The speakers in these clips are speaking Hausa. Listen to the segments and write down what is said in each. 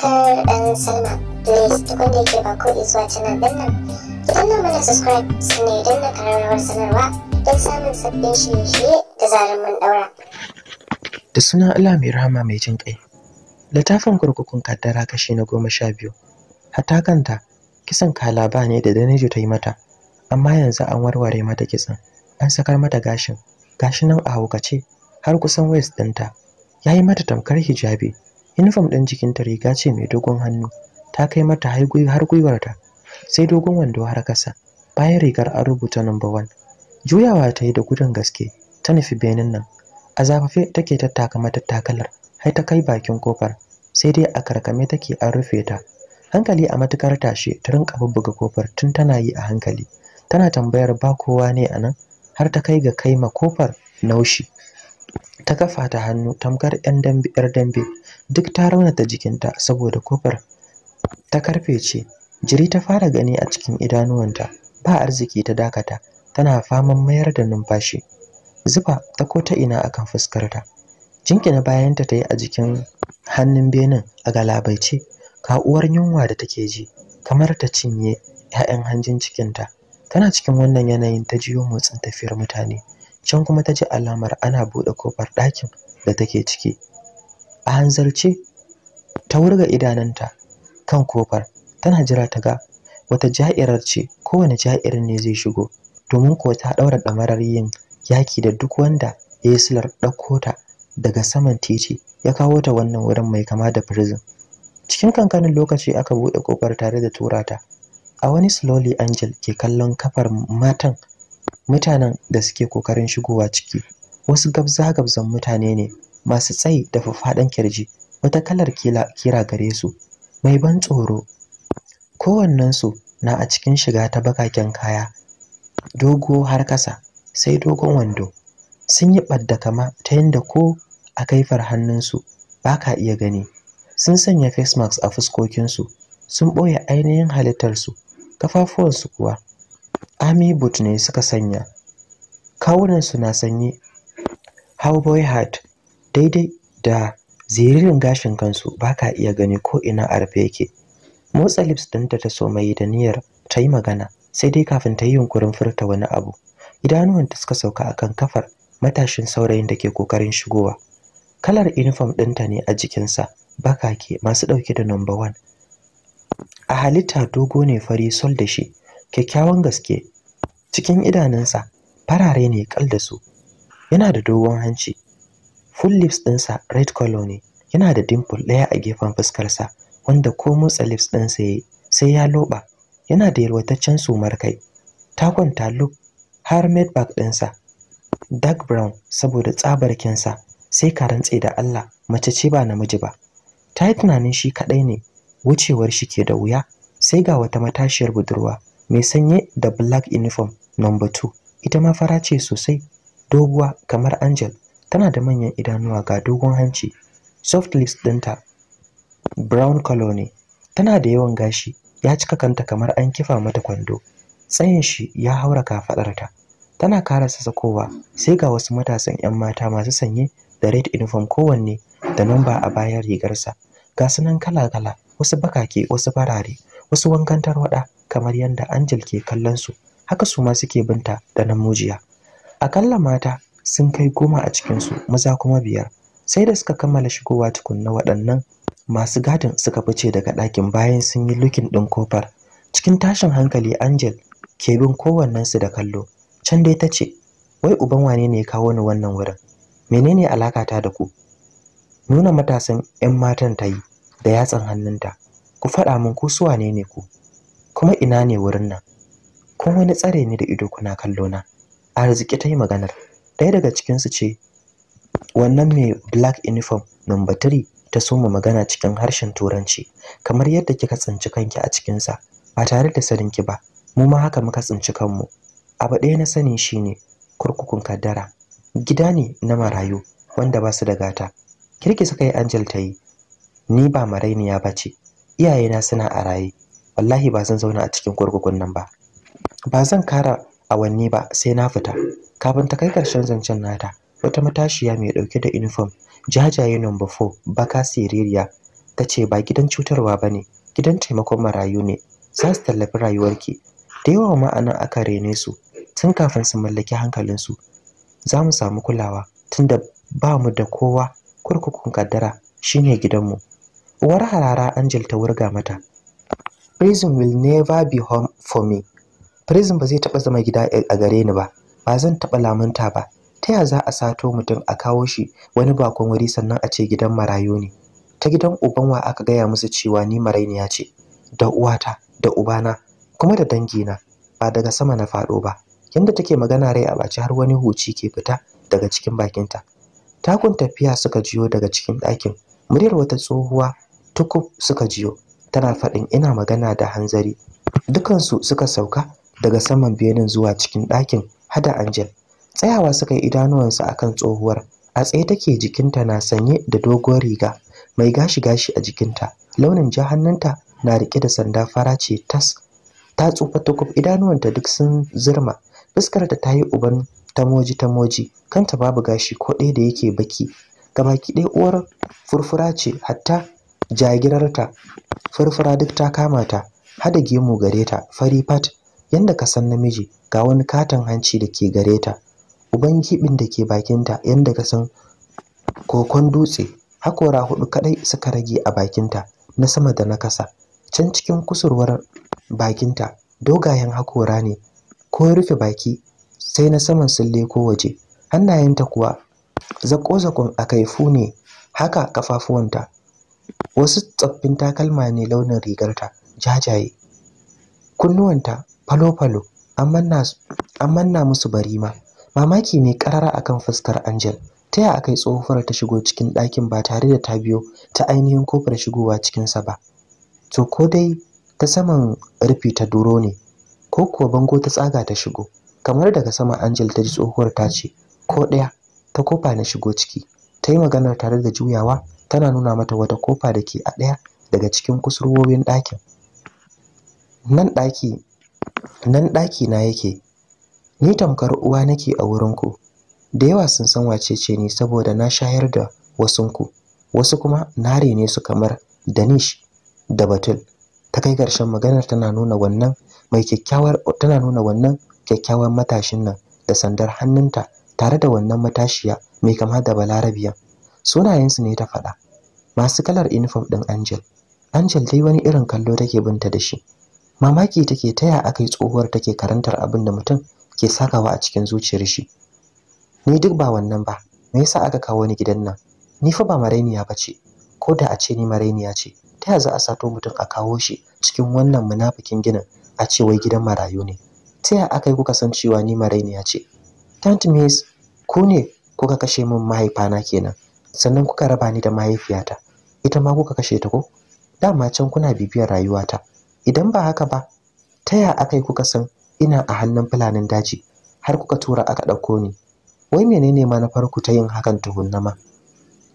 subscribe and sign up. Please tukun da yake ba ko zuwa canal din nan. Ki danna mana subscribe sannan idan na kararrawar sanarwa don samun sabbin shirye-shirye da zarar mun daura. Da suna Allah mai rahama mai jin kai. Littafin kurkukun kaddara kashi na goma sha biyu. Hatta kanta kisan kalaba ne da Danejo ta yi mata. Amma yanzu an warware mata kitson. An sakar mata gashin. Gashi nan a haukace har kusan waist ɗinta. Ya yi mata tamkar hijabi. Uniform ɗin jikinta riga ce mai dogon hannu, ta kai mata har gwiwarta, sai dogon wando har kasa. Bayan rigar an rubuta number one. Juyawa ta yi da gudun gaske, ta nufi benin nan. A zafafe take tattaka matattakalar, har ta kai bakin kofar, sai dai a karkame take an rufe ta. Hankali a matukar tashe ta rinƙa bubbuga kofar tun tana yi a hankali. Tana tambayar ba kowa ne a nan, har ta kai ga kai ma kofar naushi. ta kafa ta hannu tamkar yan dambe yar dambe duk ta raunata jikinta saboda kofar ta karfe ce jiri ta fara gani a cikin idanuwanta ba arziki ta dakata tana faman mayar da numfashi zufa ta ko ta ina akan fuskarta jinkina bayanta ta yi a jikin hannun benin a galabaice ka uwar yunwa da take ji kamar ta cinye 'ya'yan hanjin cikinta tana cikin wannan yanayin ta jiyo motsin tafiyar mutane can kuma ta ji alamar ana buɗe kofar ɗakin da take ciki a hanzarce ta wurga idananta kan kofar tana jira ta ga wata ja'irar ce kowane ja'irin ne zai shigo domin kuwa ta ɗaura ɗamarar yin yaki da duk wanda ya yi silar ɗauko ta daga saman titi ya kawo ta wannan wurin mai kama da prison cikin kankanin lokaci aka buɗe kofar tare da turata a wani slowly angel ke kallon kafar matan mutanen da suke kokarin shigowa ciki wasu gabza-gabzan mutane ne masu tsayi da fafadan kirji wata kalar kira gare su mai ban tsoro kowannensu na a cikin shiga ta bakaken kaya dogo har kasa sai dogon wando sun yi ɓadda kama ta yadda ko a kaifar hannunsu ba ka iya gani sun sanya face mask a fuskokinsu sun ɓoye ainihin halittarsu kafafuwansu kuwa army boot ne suka sanya kawunansu na sanye cowboy hat daidai da ziririn gashin kansu ba ka iya gani ko ina a rufe yake motsa lips ɗinta ta so mai da niyyar ta yi magana sai dai kafin ta yi yunkurin furta wani abu idanuwanta suka sauka akan kafar matashin saurayin da ke kokarin shigowa kalar uniform ɗinta ne a jikinsa ke masu ɗauke da number one a halitta dogo ne fari sol da shi kyakkyawan gaske cikin idanunsa farare ne kal da su yana da dogon hanci full lips ɗinsa red color ne yana da dimple ɗaya a gefen fuskarsa wanda ko motsa lips ɗinsa ya sai ya loba yana da yalwataccen sumar kai ta kwanta look har medbag ɗinsa dark brown saboda tsabar kensa sai ka rantse da Allah mace ce ba namiji ba ta yi tunanin shi kaɗai ne wucewar shi ke da wuya sai ga wata matashiyar budurwa mai sanye da black uniform number 2 ita ma fara ce sosai doguwa kamar angel tana da manyan idanuwa ga dogon hanci soft lips ɗinta brown color ne tana da yawan gashi ya cika kanta kamar an kifa mata kwando tsayin shi ya haura kafaɗarta tana kara sasakowa sai ga wasu matasan 'yan mata masu sanye da red uniform kowanne da namba a bayan rigarsa ga sunan kala-kala wasu bakake wasu farare wasu wankan tarwada kamar yadda Angel ke kallon su haka su ma suke binta da namujiya A akalla mata sun kai goma a cikin su maza kuma biyar sai da suka kammala shigowa tukunna waɗannan masu gadin suka fice daga ɗakin bayan sun yi lukin ɗin kofar cikin tashin hankali Angel ke bin kowannen su da kallo can dai ta ce wai uban wane ne ya kawo ni wannan wurin menene alakata da ku nuna matasan 'yan matan ta yi da yatsan hannunta ku faɗa min ku su wane ne ku kuma ina ne wurin nan kun wani tsare ne da ido kuna kallo na arziki ta yi maganar ɗaya daga cikinsu ce wannan mai black uniform number 3 ta soma magana cikin harshen turanci kamar yadda kika tsinci kanki a cikinsa ba tare da ki ba mu ma haka muka tsinci kanmu abu ɗaya na sani shine kurkukun kaddara gida ne na marayu wanda ba su da gata kirki suka yi angel ta yi ni ba marainiya ya bace. iyayena suna a raye wallahi ba zan zauna a cikin kurkukun nan ba ba zan kara awanni ba sai na fita kafin ta kai karshen zancen nata wata matashiya mai dauke da uniform jajaye number 4 baka siririya ta ce ba gidan cutarwa ba ne gidan taimakon marayu ne za su tallafi rayuwarki da yawa ma'ana aka rene su tun kafin su mallaki hankalinsu za mu samu kulawa tunda ba mu da kowa kurkukun kaddara shine gidanmu uwar harara angel ta wurga mata prison will never be home for me prison ba zai taɓa zama gida a gare ni ba ba zan taɓa lamunta ba ta ya za a sato mutum a kawo shi wani bakon wuri sannan a ce gidan marayu ne ta gidan uban wa aka gaya musu cewa ni marainiya ce da uwata da ubana kuma da dangina ba daga sama na faɗo ba yadda take magana rai a baci har wani huci ke fita daga cikin bakinta takun tafiya suka jiyo daga cikin ɗakin muryar wata tsohuwa tukub suka jiyo tana faɗin ina magana da hanzari dukansu suka sauka daga saman benin zuwa cikin ɗakin hada angel tsayawa suka yi idanuwansu akan tsohuwar a tsaye take jikinta na sanye da doguwar riga mai gashi-gashi a jikinta launin jahannanta na rike da sanda fara ce tas ta tsufa tukub idanuwanta duk sun zirma fuskar ta yi uban tamoji tamoji kanta babu gashi ko ɗaya da yake baki gabaki ɗaya uwar furfura ce hatta jagirarta furfura duk ta kama ta hada gemu gare ta fari fat yanda ka san namiji ga wani katan hanci da ke gare ta uban kibin da ke bakinta yanda ka san kokon dutse hakora hudu kadai suka rage a bakinta na sama da na kasa can cikin kusurwar bakinta dogayen hakora ne ko rufe baki sai na saman sun leko waje hannayenta kuwa zako-zakon a kaifu ne haka kafafuwanta wasu tsoffin takalma ne launin rigarta jajaye kunnuwanta falo-falo an manna musu bari ma. mamaki ne karara kan fuskar angel ta yi aka yi tsohuwar ta shigo cikin ɗakin ba tare da ta biyo ta ainihin kofar shigowa cikinsa ba to ko dai ta saman rufi ta duro ne ko kuwa bango ta tsaga ta shigo kamar daga sama angel ta ji tsohuwar ta ce ko ɗaya ta kofa na shigo ciki ta yi maganar tare da juyawa tana nuna mata wata kofa da ke a ɗaya daga cikin kusurwowin ɗakin nan ɗaki nan ɗaki na yake ni tamkar uwa nake a wurinku da yawa sun san wace ce ni saboda na shayar da wasunku wasu kuma na rene su kamar danish da batul ta kai ƙarshen maganar tana nuna wannan mai kyakkyawar tana nuna wannan kyakkyawar matashin nan da sandar hannunta tare da wannan matashiya mai kama da balarabiya sunayensu ne ta faɗa masu kalar uniform ɗin Angel. Angel dai wani irin kallo take binta da shi. Mamaki take taya akai tsohuwar take karantar abin da mutum ke sakawa a cikin zuciyar shi. Ni duk ba wannan ba, me yasa aka kawo ni gidan nan? Ni fa ba marainiya ba ce, ko da a ce ni marainiya ce, ta yaya za a sato mutum a kawo shi cikin wannan munafikin ginin a ce wai gidan marayu ne. Ta yaya aka kuka san cewa ni marainiya ce? Tant Miss, ku ne kuka kashe min mahaifana kenan. sannan kuka raba ni da mahaifiyata ita ma kuka kashe ta ko dama can kuna bibiyar rayuwata idan ba haka ba ta ya akai kuka san ina a hannun fulanin daji har kuka tura aka ɗauko ni wai menene ma na farko ta yin hakan tuhunna ma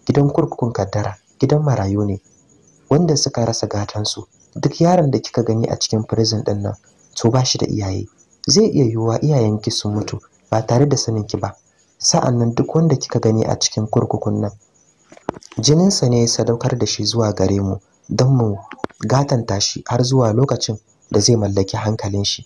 gidan kurkukun kaddara gidan marayu ne wanda suka rasa gatansu duk yaron da kika gani a cikin prison din nan to ba shi da iyaye zai iya yiwuwa iyayenki sun mutu ba tare da sanin ki ba sa'annan duk wanda kika gani a cikin kurkukun nan jininsa ne ya sadaukar da shi zuwa gare mu don mu gatanta shi har zuwa lokacin da zai mallaki hankalin shi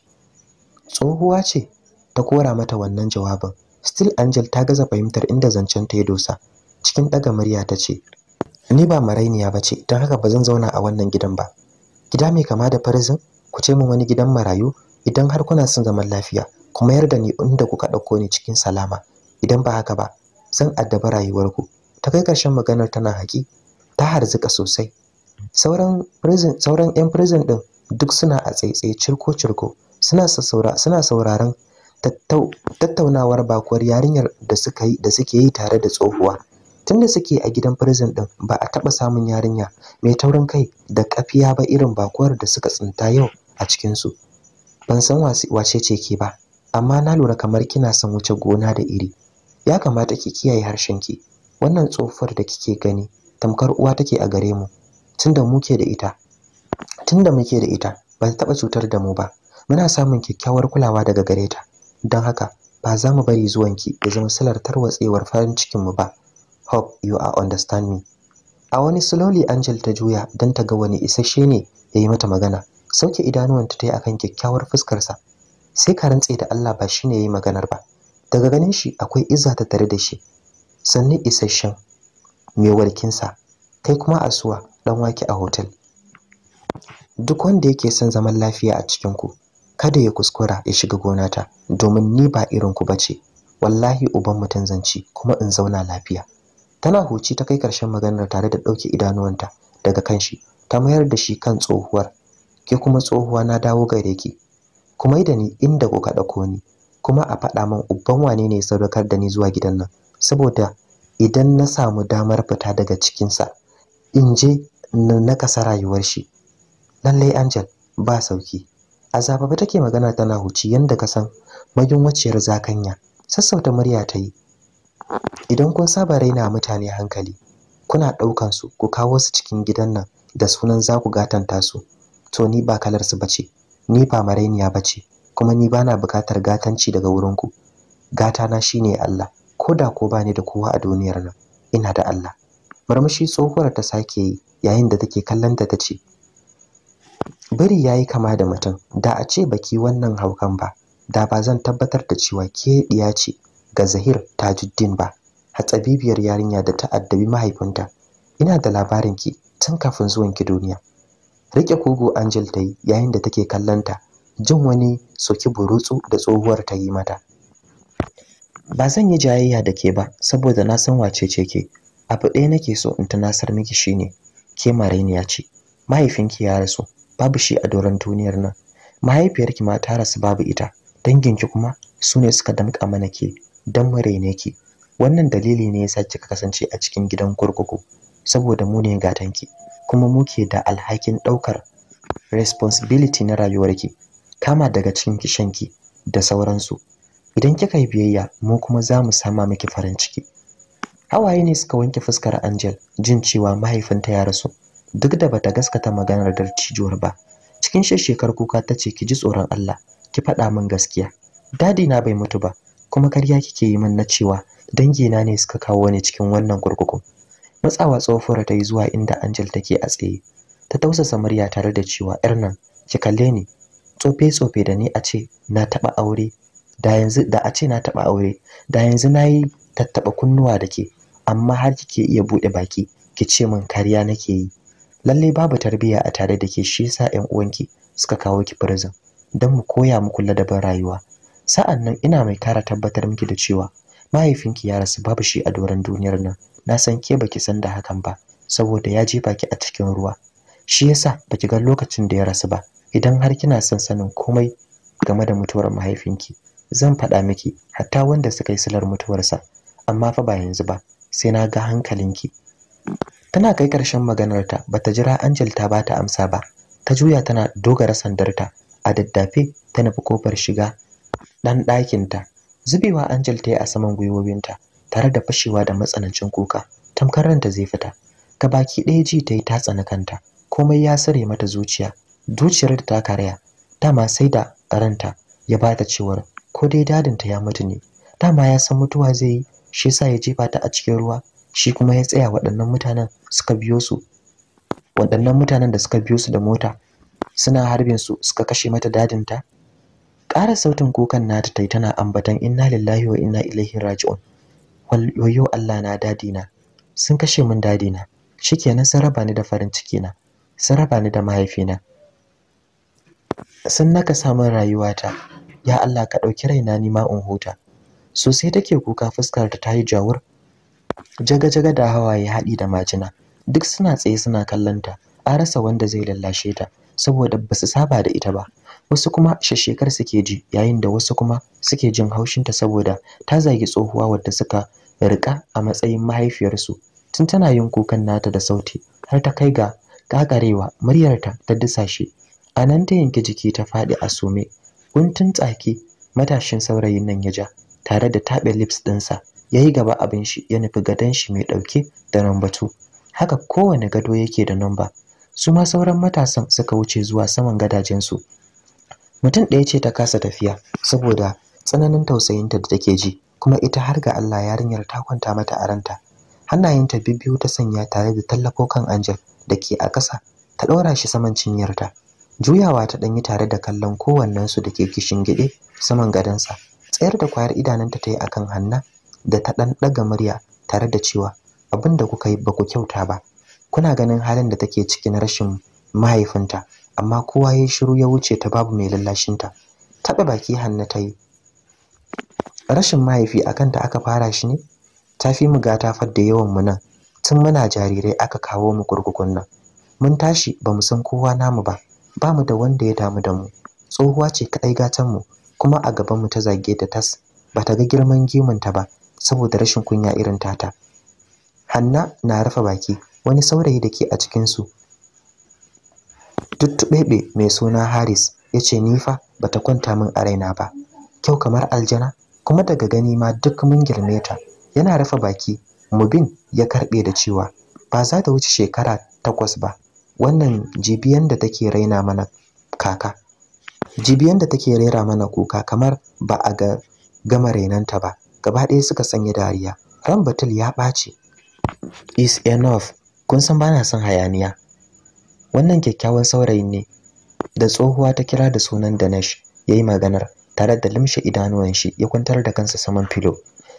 tsohuwa ce ta kora mata wannan jawabin still angel ta gaza fahimtar inda zancen ta ya dosa cikin ɗaga murya ta ce ni ba marainiya ba ce don haka ba zan zauna a wannan gidan ba gida mai kama da farzin? ku ce min wani gidan marayu idan har kuna son zaman lafiya kuma mayar da ni inda kuka ɗauko ni cikin salama idan ba haka ba zan addabi rayuwarku ta kai ƙarshen maganar tana haƙi ta harzuka sosai sauran yan prison din duk suna a tsaitsaye cirko cirko suna sauraron tattaunawar bakuwar yarinyar da suke yi tare da tsohuwa tunda suke a gidan prison ɗin, ba a taɓa samun yarinya mai taurin kai da kafiya ba irin bakuwar da suka tsinta yau a cikinsu. ban san wace ce ke ba amma na lura kamar kina son wuce gona da iri ya kamata ki kiyaye harshenki wannan tsofar da kike gani tamkar uwa take a gare mu tunda muke da ita tunda muke da ita ba ta taba cutar da mu ba muna samun kyakkyawar kulawa daga gare ta don haka ba za mu bari zuwanki ya zama silar tarwatsewar farin cikin mu ba hope you are understand me a wani slowly angel ta juya don ta ga wani isasshe ne ya yi mata magana sauke idanuwanta ta yi akan kyakkyawar fuskarsa sai ka rantse da Allah ba shine yi maganar ba daga ganin shi akwai izza ta tare da shi sannu isasshen mai warkinsa kai kuma asuwa dan wake a hotel duk wanda yake son zaman lafiya a cikin ku kada ya kuskura ya shiga gonata domin ni ba irin ku bace wallahi uban mutum zanci kuma in zauna lafiya tana huci ta kai karshen maganar tare da dauke idanuwanta daga kanshi ta mayar da shi kan tsohuwar ke kuma tsohuwa na dawo gare ki kuma da ni inda kuka dauko ni kuma a faɗa min uban wane ne ya sadaukar da ni zuwa gidan nan saboda idan na samu damar fita daga cikinsa in je na kasa rayuwar shi lallai angel ba sauki azababa take magana tana huci yadda ka san magin zakanya sassauta murya ta yi idan kun saba raina mutane hankali kuna ɗaukan su ku kawo su cikin gidan nan da sunan za ku gatanta su to ni ba kalarsu su bace ni ba marainiya bace kuma ni bana bukatar gatanci daga wurinku. ku gata na shine Allah ko da ko bani da kowa a duniyar nan ina da Allah murmushi tsohuwar ta sake yi yayin da take kallon ta tace biri yayi kama da mutum da a ce baki wannan haukan ba da ba zan tabbatar da cewa ke diya ce ga Zahir Tajuddin ba hatsabibiyar yarinya da ta addabi mahaifinta ina da labarin ki tun kafin zuwan ki duniya rike kogo Angel ta yayin da take kallon ta jin wani soki burutsu da tsohuwar ta yi mata ba zan yi jayayya da ke ba saboda na san wace ce ke abu ɗaya nake so in ta nasar miki shine ke ya ce mahaifinki ya rasu babu shi a doron duniyar nan mahaifiyarki ma ta rasu babu ita danginki kuma su ne suka damƙa mana ke don mu ke. wannan dalili ne ya yasa kika kasance a cikin gidan kurkuku saboda mu ne gatanki kuma mu ke da alhakin ɗaukar responsibility na rayuwarki kama daga cikin kishanki da sauransu idan kika yi biyayya mu kuma za mu sama miki farin ciki hawaye ne suka wanke fuskar angel jin cewa mahaifinta ya rasu duk da bata gaskata maganar darcijuwar ba cikin shekar kuka ta ce ki ji tsoron allah ki faɗa min gaskiya dadi na bai mutu ba kuma karya kike yi min na cewa dangina ne suka kawo ni cikin wannan kurkuku matsawa tsohuwar ta yi zuwa inda angel take a tsaye ta tausasa murya tare da cewa yar nan ki kalle ni tsofe tsofe da ni a ce na taɓa aure da yanzu da a ce na taɓa aure da yanzu na yi tattaɓa kunnuwa da ke amma har kike iya buɗe baki ki ce min kariya nake yi lalle babu tarbiyya a tare da ke shi yasa ƴan uwanki suka kawo ki prison don mu koya muku ladabin rayuwa sa'an nan ina mai kara tabbatar miki da cewa mahaifinki ya rasu babu shi a doron duniyar nan na san ke baki san da hakan ba saboda ya jefa ki a cikin ruwa shi yasa baki ga lokacin da ya rasu ba idan har kina son sanin komai game da mutuwar mahaifinki zan faɗa miki hatta wanda suka yi silar mutuwarsa amma fa ba yanzu ba sai na ga hankalinki tana kai ƙarshen maganarta ta jira Anjel ta bata amsa ba ta juya tana dogara sandarta a daddafe ta nufi kofar shiga ɗan ɗakinta zubewa Anjel ta yi a saman gwiwowinta tare da fashewa da matsanancin kuka tamkar ranta zai fita ka baki ɗaya ji ta yi ta tsani kanta komai ya sare mata zuciya zuciyar ta karya, dama sai da ranta ya bata cewar ko dai dadinta ya mutu ne dama ya san mutuwa zai yi shi yasa ya jefa ta a cikin ruwa shi kuma ya tsaya waɗannan mutanen suka biyo su waɗannan mutanen da suka biyo su da mota suna harbin su suka kashe mata dadinta ƙara sautin kukan nata ta tana ambatan inna lillahi wa inna ilaihi raji'un wayo Allah na dadina sun kashe min dadina shikenan sun raba ni da farin ciki na sun raba ni da mahaifina sun naka samun rayuwata ya Allah ka ɗauki raina ni ma in huta sosai take kuka fuskar ta tayi jawur jaga-jaga da hawaye haɗi da majina duk suna tsaye suna kallon ta an rasa wanda zai lallashe ta saboda ba su saba da ita ba wasu kuma shashekar suke ji yayin da wasu kuma suke jin haushin ta saboda ta zagi tsohuwa wadda suka rika a matsayin mahaifiyarsu tun tana yin kukan nata da sauti har ta kai ga kakarewa muryarta ta dusashe a nan ta yanke jiki ta faɗi a sume guntun tsaki matashin saurayin nan ya ja tare da taɓe lips ɗinsa ya yi gaba abin shi ya nufi gadon shi mai ɗauke da namba haka kowane gado yake da namba su ma sauran matasan suka wuce zuwa saman gadajensu mutum ɗaya ce ta kasa tafiya saboda tsananin tausayinta da take ji kuma ita har ga Allah yarinyar ta kwanta mata a ranta hannayenta bibbiyu ta sanya tare da tallafo kan Angel da ke a ƙasa ta ɗora shi saman cinyarta juyawa ta ɗanyi tare da kallon su da ke kishin gide saman gadonsa tsayar da kwayar idanunta ta yi akan hanna da ta ɗan ɗaga murya tare da cewa abin da kuka yi ba ku kyauta ba kuna ganin halin da take ciki na rashin mahaifinta amma kowa ya shiru ya wuce ta babu mai lallashinta taɓa baki hanna ta yi rashin mahaifi a kanta aka fara shi ne ta fi mu gata fadda yawan mu nan tun muna jarirai aka kawo mu kurkukun nan mun tashi ba mu san kowa namu ba ba mu da wanda ya damu da mu tsohuwa ce kaɗai gatan mu kuma a gaban mu ta zage da tas ba ta ga girman gimin ta ba saboda rashin kunya irin tata Hanna na rufe baki wani saurayi da ke a cikin su tuttuɓeɓe mai suna Haris ya ce ni fa ta kwanta min a raina ba kyau kamar aljana kuma daga gani ma duk mun girme ta yana rufe baki mubin ya karɓe da cewa ba za ta wuce shekara takwas ba wannan jibiyan da take raina mana kaka jibiyan da take rera mana kuka kamar ba a ga gama renanta ba gaba ɗaya suka sanya dariya ran batul ya ɓace. is enough kun san bana son hayaniya wannan kyakkyawan saurayin ne da tsohuwa ta kira da sunan Danesh yi maganar tare da limshe idanuwan shi ya kwantar da kansa saman filo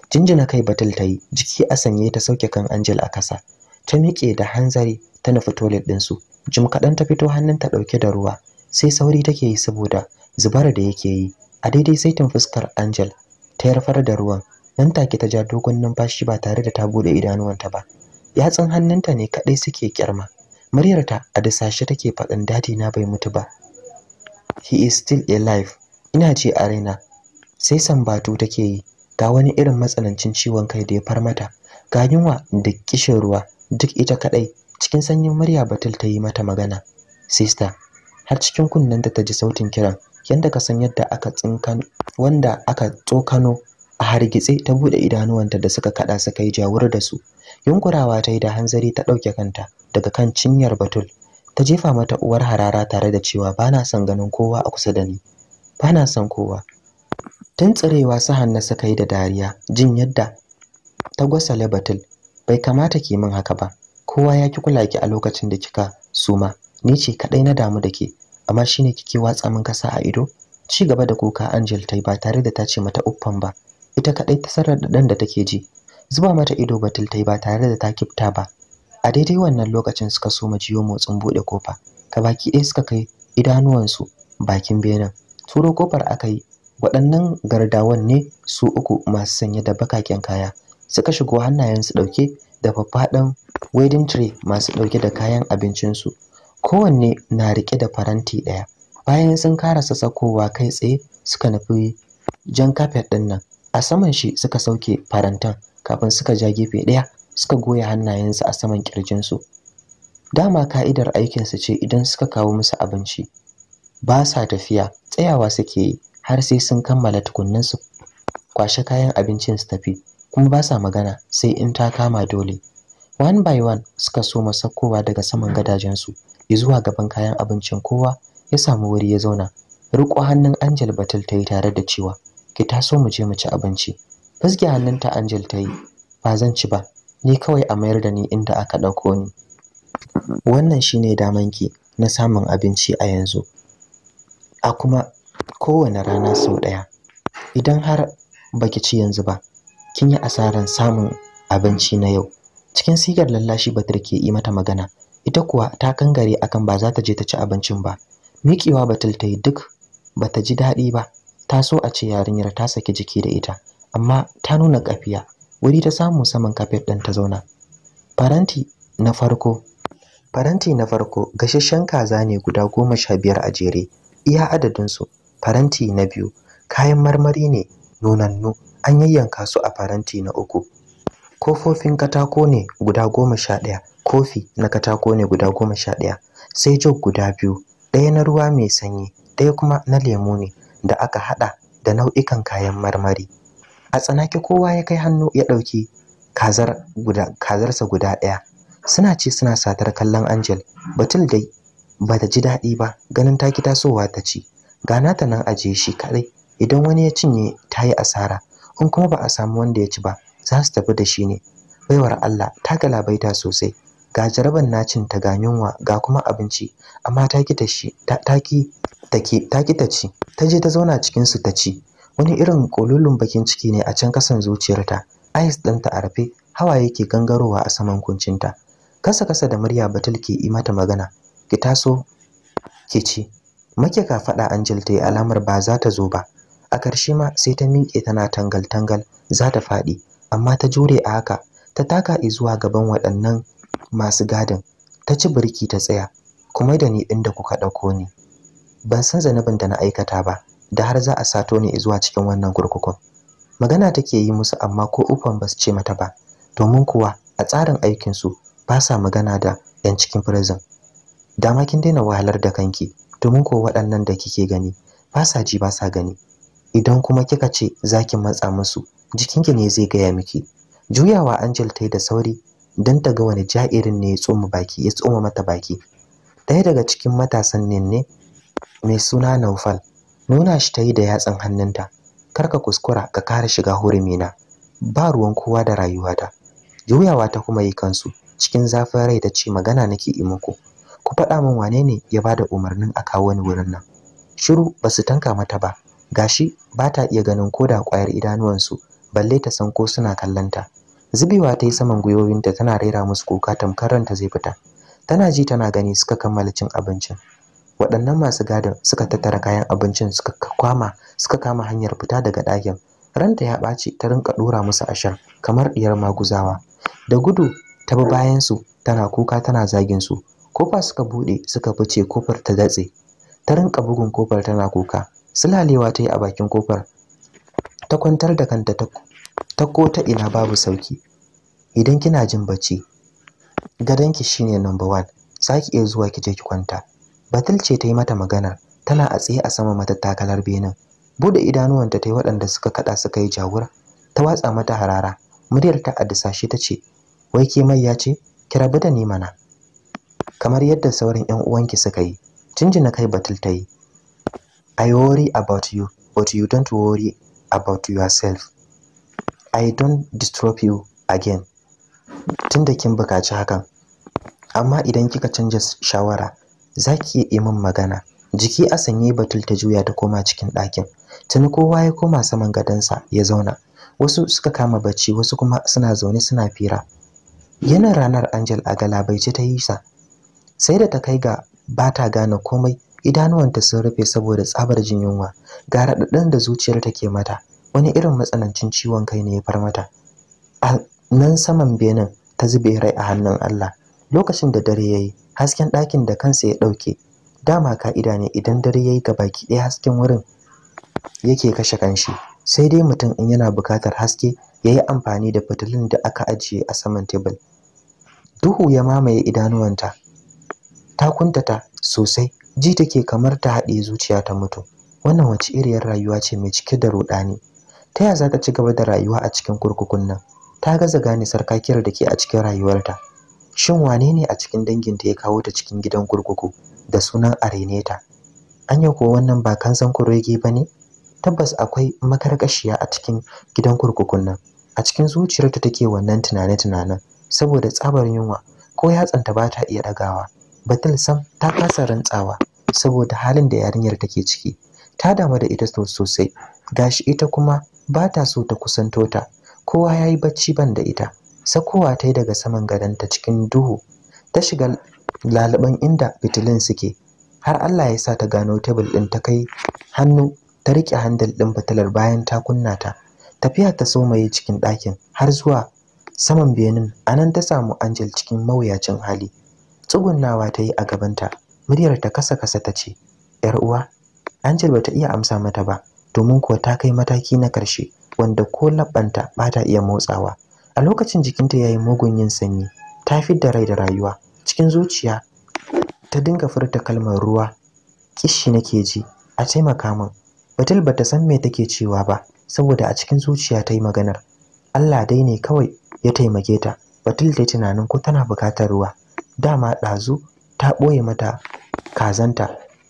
jinjina kai batul ta yi, jiki a sanye ta sauke kan Angel a kasa ta miƙe da hanzari ta nufi toilet ɗinsu jim kadan ta fito hannunta ɗauke da ruwa sai sauri take yi saboda zubar da yake yi a daidai saitin fuskar angel ta yarfar da ruwan nan take ta ja dogon numfashi ba tare da ta buɗe idanuwanta ba Yatsan hannunta ne kadai suke kyarma muryarta a dasashe take faɗin dadi na bai mutu ba he is still alive ina ce a raina sai sambatu take yi ga wani irin matsanancin ciwon kai da ya far mata ga yunwa da kishin ruwa duk ita kadai cikin sanyin murya batul ta yi mata magana sister har cikin kunnenta ta ji sautin kiran yanda ka san yadda aka tsinkan wanda aka tsokano a hargitse ta bude idanuwanta da suka kada suka yi jawur da su yunkurawa ta yi da hanzari ta dauke kanta daga kan cinyar batul ta jefa mata uwar harara tare da cewa bana son ganin kowa a kusa da ni bana son kowa tun tsirewa sahan na suka yi da dariya jin yadda ta gwasale batul bai kamata ki min haka ba kowa ya ki kula ki a lokacin da kika suma ni ce kadai na damu da ke amma shine kike watsa min kasa a ido ci gaba da kuka Angel tai ba tare da ta ce mata uffan ba ita kadai ta sarar da dan da take ji zuba mata ido batul tai ba tare da ta kifta ba a daidai wannan lokacin suka soma jiyo motsin bude kofa ka baki ɗaya suka kai idanuwan su bakin benen turo kofar aka yi waɗannan gardawan ne su uku masu sanye da bakaken kaya suka shigo hannayensu ɗauke da faffaɗan wedding tray masu ɗauke da kayan abincinsu kowanne na riƙe da faranti ɗaya bayan sun karasa sakowa kai tsaye suka nufi jan kafet ɗin nan a saman shi suka sauke farantan kafin suka ja gefe ɗaya suka goya hannayensu a saman ƙirjinsu dama ka'idar aikinsu ce idan suka kawo musu abinci ba sa tafiya tsayawa suke yi har sai sun kammala tukunninsu kwashe kayan abincin su tafi kuma ba sa magana sai in ta kama dole one by one suka so masakowa daga saman gadajensu zuwa gaban kayan abincin kowa ya samu wuri ya zauna riko hannun Angel Batul ta yi tare da cewa ki taso mu je mu ci abinci hannun hannunta Angel ta yi ba zan ci ba ni kawai a mayar da ni inda aka ɗauko ni wannan shine damanki na samun abinci a yanzu a kuma kowane rana sau ɗaya idan har baki ci yanzu ba kin yi asaran samun abinci na yau cikin sigar lallashi batir ke yi mata magana ita kuwa ta kangare akan ba za ta je ta ci abincin ba miƙewa batul ta yi duk ba ta ji daɗi ba ta so a ce yarinyar ta saki jiki da ita amma ta nuna ƙafiya wuri ta samu saman kafet ɗin ta zauna faranti na farko faranti na farko gasasshen kaza ne guda goma sha biyar a jere iya adadinsu faranti na biyu kayan marmari ne nunannu an yayyanka su a faranti na uku kofofin katako ne guda goma sha ɗaya kofi na katako ne guda goma sha ɗaya sai jog guda biyu ɗaya na ruwa mai sanyi ɗaya kuma na lemu ne da aka haɗa da nau'ikan kayan marmari a tsanake kowa ya kai hannu ya ɗauki kazar guda kazarsa guda ɗaya suna ce suna satar kallon angel batul dai ba ta ji daɗi ba ganin ta ki tasowa ta ci gana ta nan ajiye shi kaɗai idan wani ya cinye ta yi asara in kuma ba a samu wanda ya ci ba za su tafi da shi ne baiwar Allah ta galabaita sosai ga jaraban nacin ta ga yunwa ga kuma abinci amma ta ki shi ta ki take ta ki ci ta je ta zauna cikin su ta ci wani irin kolulun bakin ciki ne a can kasan zuciyarta ice ɗanta a rafe hawaye ke gangarowa a saman kuncinta kasa kasa da murya batul ke yi mata magana ki taso ki ci make ka faɗa angel ta alamar ba za ta zo ba a ƙarshe ma sai ta miƙe tana tangal-tangal za ta faɗi amma ta jure a haka ta taka zuwa gaban waɗannan masu gadin ta ci birki ta tsaya kuma da ni inda kuka ɗauko ni ban san zanubin da na aikata ba da har za a sato ni zuwa cikin wannan kurkukun magana take yi musu amma ko ufan ba su ce mata ba domin kuwa a tsarin aikinsu ba sa magana da 'yan cikin prison dama kin daina wahalar da kanki domin ko waɗannan da kike gani ba sa ji ba sa gani idan kuma kika ce zaki matsa musu jikinki ne zai gaya miki juyawa angel ta da sauri don ta ga wani ja'irin ne ya tsoma baki ya tsoma mata baki ɗaya daga cikin matasan ne ne mai suna naufal nuna shi ta yi da yatsan hannunta kar ka kuskura ka kara shiga hurumina ba ruwan kowa da rayuwata juyawa ta kuma yi kansu cikin zafin rai ta ce magana nake yi muku ku faɗa min wane ne ya bada umarnin a kawo ni wurin nan shiru ba su tanka mata ba gashi ba ta iya ganin ko da ƙwayar idanuwansu balle ta san ko suna kallonta zubewa ta yi saman gwiwowinta tana rera musu kuka tamkar ranta zai fita tana ji tana gani suka kammala cin abincin waɗannan masu gadon suka tattara kayan abincin suka kwama suka kama hanyar fita daga ɗakin ranta ya ɓaci ta rinka ɗora musu ashar kamar ɗiyar maguzawa da gudu ta bi bayansu tana kuka tana zagin su kofa suka buɗe suka fice kofar ta datse ta rinka bugun kofar tana kuka sulalewa ta yi a bakin kofar ta kwantar da kanta ta ko ta ina babu sauki idan kina jin bacci gadonki shine number one za ki iya zuwa ki je ki kwanta batul ce ta yi mata maganar tana a tsaye a sama mata takalar benin bude idanuwanta ta yi waɗanda suka kaɗa suka yi jagora. ta watsa mata harara muryar ta a shi ta ce wai ke mai ya ce ki rabu da ni mana kamar yadda sauran 'yan uwanki suka yi cinjina kai batul ta yi I worry about you, but you don't worry about yourself. I don't disturb you again. Tunda kin bukaci hakan. Amma idan kika canja shawara, za ki iya min magana. Jiki a sanye Batul ta juya ta koma cikin ɗakin. Tuni kowa ya koma saman gadonsa ya zauna. Wasu suka kama bacci, wasu kuma suna zaune suna fira. Yana ranar Angel a galabaice ta yi sa. Sai da ta kai ga ba ta gane komai idanuwanta sun rufe saboda tsabar jin yunwa ga radadin da zuciyar take mata wani irin matsanancin ciwon kai ne ya far mata a nan saman benin ta zube rai a hannun Allah lokacin da dare yayi hasken ɗakin da kansa ya ɗauke dama ka'ida ne idan dare yayi ga baki ɗaya hasken wurin yake kashe kanshi sai dai mutum in yana buƙatar haske ya yi amfani da fitilun da aka ajiye a saman tebul duhu ya mamaye idanuwanta ta kuntata sosai ji take kamar ta haɗe zuciya ta mutu wannan wace iriyar rayuwa ce mai cike da ruɗani. ta yaya za ta ci gaba da rayuwa a cikin kurkukun nan ta gaza gane sarkakiyar da ke a cikin rayuwarta shin wane ne a cikin danginta ya kawo ta cikin gidan kurkuku da sunan areneta An anya ko wannan ba kansan kurege ba ne tabbas akwai makarkashiya a cikin gidan kurkukun nan a cikin zuciyarta take wannan tunane-tunanen saboda tsabar yunwa ko yatsanta ba ta iya ɗagawa Batal sam ta kasa rantsawa saboda halin da yarinyar take ciki ta damu da ita sosai gashi ita kuma ba ta so ta kusanto ta kowa yayi bacci ban da ita sakowa ta yi daga saman ta cikin duhu ta shiga lalaban inda fitilin suke har Allah ya sa ta gano tebul ɗin ta kai hannu ta riƙe handal ɗin fitilar bayan ta kunna ta tafiya ta somaye cikin ɗakin har zuwa saman benin anan ta samu angel cikin mawuyacin hali tsugunnawa ta yi a gabanta muryar ta kasa kasa ta ce yar uwa Angel bata iya amsa mata ba domin kuwa ta kai mataki na karshe wanda ko labbanta ba ta iya motsawa a lokacin jikinta yayi mugun yin sanyi ta fi da rai da rayuwa cikin zuciya ta dinga furta kalmar ruwa kishi nake ji a taimaka min batul bata san me take cewa ba saboda a cikin zuciya ta yi maganar Allah dai ne kawai ya taimake ta batul dai tunanin ko tana bukatar ruwa dama ɗazu ta ɓoye mata kazanta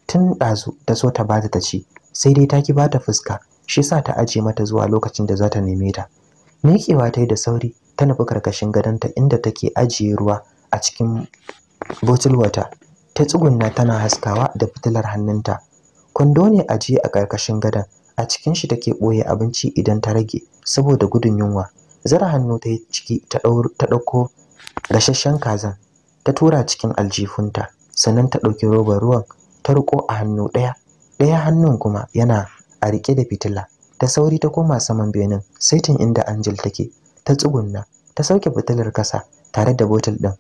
tun ɗazu ta so ta bata ta ci sai dai ta ki bata fuska shi sa ta ajiye mata zuwa lokacin da za ta neme ta miƙewa ta yi da sauri ta nufi karkashin gadonta inda take ajiye ruwa a cikin botul wata ta tsugunna tana haskawa da fitilar hannunta kwando ne ajiye a karkashin gadon a cikin shi take ɓoye abinci idan ta rage saboda gudun yunwa zara hannu ta yi ciki ta ɗauko gasasshen kazan ta tura cikin aljifunta sannan ta ɗauki robar ruwan ta riko a hannu ɗaya ɗaya hannun kuma yana a riƙe da fitila ta sauri ta koma saman benin saitin inda angel take ta tsugunna ta sauke fitilar kasa tare da botul ɗin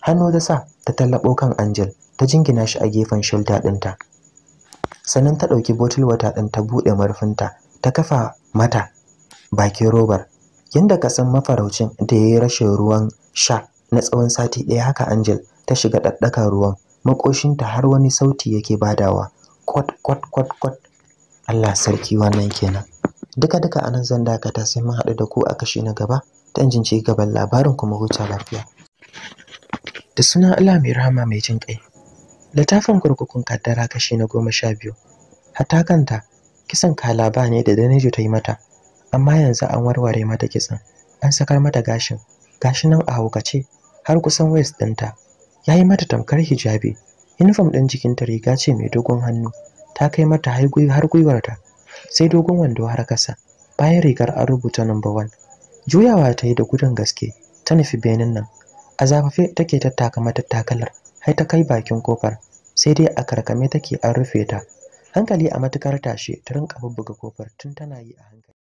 hannu ta sa ta tallabo kan angel ta jingina shi a gefen shulda ɗinta sannan ta ɗauki botul wata ɗin ta buɗe marfinta ta kafa mata bakin robar yadda ka san mafaraucin da ya yi rashin ruwan sha na tsawon sati ɗaya haka Angel ta shiga ɗaɗɗaka ruwan makoshinta har wani sauti yake badawa kwat kwat kwat kwat Allah sarki wannan kenan duka duka anan zan dakata sai mun haɗu da ku a kashi na gaba ta injin ci gaban labarin kuma huta lafiya da suna Allah mai rahama mai jin kai littafin kurkukun kaddara kashi na goma sha biyu hatta kanta kisan kalaba ne da Danejo ta yi mata amma yanzu an warware mata kisan an sakar mata gashin gashi nan a haukace har kusan waist ɗinta ya yi mata tamkar hijabi uniform ɗin jikinta riga ce mai dogon hannu ta kai mata har ta sai dogon wando har kasa bayan rigar an rubuta number one juyawa ta yi da gudun gaske ta nufi benin nan a zafafe take tattaka matattakalar har ta kai bakin kofar sai dai a karkame take an rufe ta hankali a matukar tashi ta rinka bubbuga kofar tun tana yi a hankali